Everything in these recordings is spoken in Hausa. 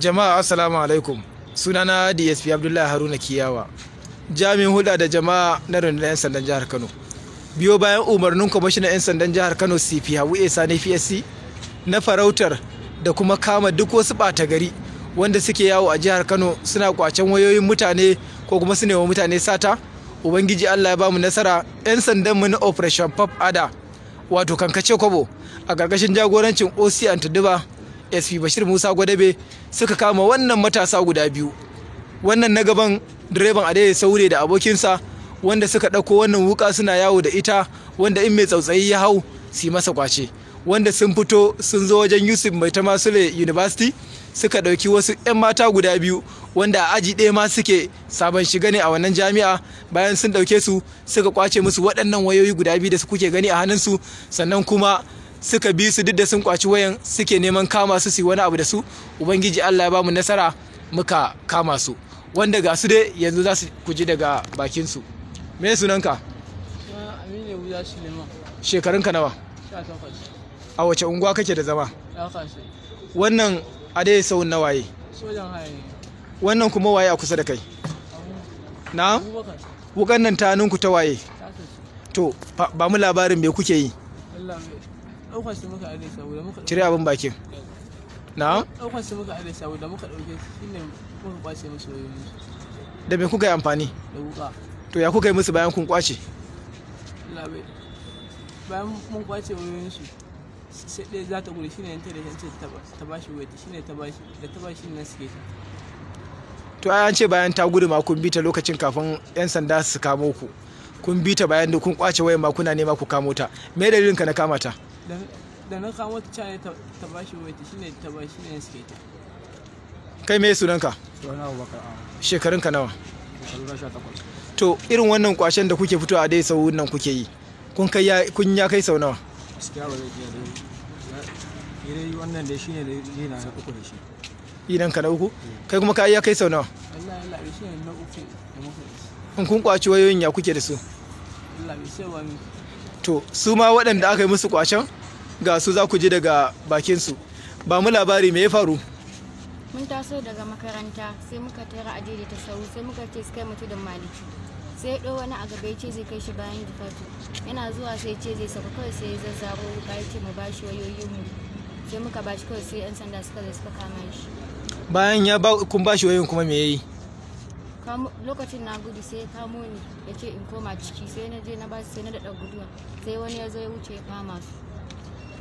jama'a assalamu alaikum sunana dsp abdullahi haruna kiyawa jami'in hulɗa da jama'a na rundunar 'yan sandan jihar kano biyo bayan umarnin kwamishinan 'yan sandan jihar kano cp hawu esa na fsc na farautar da kuma kama duk wasu ɓata gari wanda suke yawo a jihar kano suna kwacen wayoyin mutane ko kuma su wa mutane sata ubangiji allah ya bamu nasara 'yan sandan mu na operation pop ada wato kankace kwabo a ƙarƙashin jagorancin oc antiduba sp bashir musa gwadabe suka kama wannan matasa guda biyu wannan na gaban direban adai saure da abokinsa wanda suka ɗauko wannan wuka suna yawo da ita wanda in mai tsautsayi ya hau su masa kwace wanda sun fito sun zo wajen yusuf mai tama sule university suka ɗauki wasu 'yan mata guda biyu wanda a aji ɗaya ma suke sabon shiga ne a wannan jami'a bayan sun ɗauke su suka kwace musu waɗannan wayoyi guda biyu da su kuke gani a hannunsu sannan kuma suka bi su duk da sun kwaci wayan suke neman kama su su wani abu da su ubangiji Allah ya ba mu nasara muka kama su wanda ga su dai yanzu za su kuji daga bakin su me sunanka Aminu Buda Suleiman ka nawa 18 a wace unguwa kake da zama wannan a dai sau na waye sojan haye wannan kuma waye a kusa da kai na wukan nan ta ninku ta waye to ba mu labarin me kuke yi ɗaukar su muka muka cire abin bakin na ɗaukar su muka aje da muka ɗauke shi shine muka kwace musu wayoyin da me kuka yi amfani da wuka to ya kuka yi musu bayan kun kwace labe bayan mun kwace wayoyin su sai ɗaya za ta gudu ne yanta da yanta ta bashi shi shine ta bashi da ta bashi nan suke ta to an ce bayan ta gudu ma kun bi ta lokacin kafin yan sanda su kamo ku kun bi ta bayan da kun kwace wayan ma kuna nema ku kamo ta me dalilin ka na kama ta da na kamo ta cana ta bashi wayar ta shine ta bashi ne suke ta kai me sunan ka sunan Abubakar shekarun ka nawa to irin wannan kwashen da kuke fitowa dai sau nan kuke yi kun kai ya kun ya kai sau nawa gaskiya ba zai iya da yi wannan da shine da na uku da shi idan ka na uku kai kuma ka yi ya kai sau nawa Allah Allah shine na uku da muka yi in kun kwaci wayoyin ya kuke da su to su ma waɗanda aka yi musu kwacen ga su za ku ji daga bakin su ba mu labari me ya faru mun taso daga makaranta sai muka tara a ta sauri sai muka ce su kai mutu da maliki sai ɗo wani a gaba ce zai kai shi bayan difatu yana zuwa sai ce zai saka kawai sai ya zazzaro wuka ya ce mu ba shi wayoyin mu sai muka ba shi kawai sai yan sanda suka zai suka kama shi bayan ya ba kun ba shi wayoyin kuma me ya yi. lokacin na gudu sai ya kamo ni ya ce in koma ciki sai na je na ba sai na daɗa guduwa sai wani ya zo ya wuce ya kama su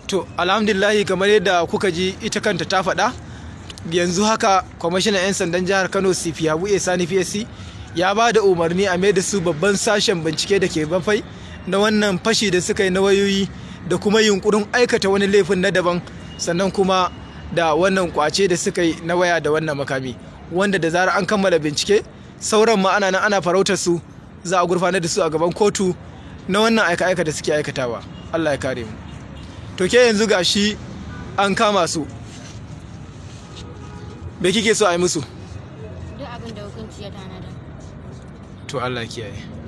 to alhamdulillahi kamar yadda kuka ji ita kanta ta faɗa yanzu haka kwamishinan 'yan sandan jihar kano cp a sani psc ya ba da umarni a da su babban sashen bincike da ke bafai na wannan fashi da suka yi na wayoyi da kuma yunkurin aikata wani laifin na daban sannan kuma da wannan kwace da suka yi na waya da wannan makami wanda da zarar an kammala bincike sauran ma ana nan ana farautar su za a gurfanar da su a gaban kotu na wannan aika-aika da suke aikatawa Allah ya kare mu to ke yanzu ga shi an kama su me kike so a yi musu duk abin da hukunci ya tanada to Allah kiyaye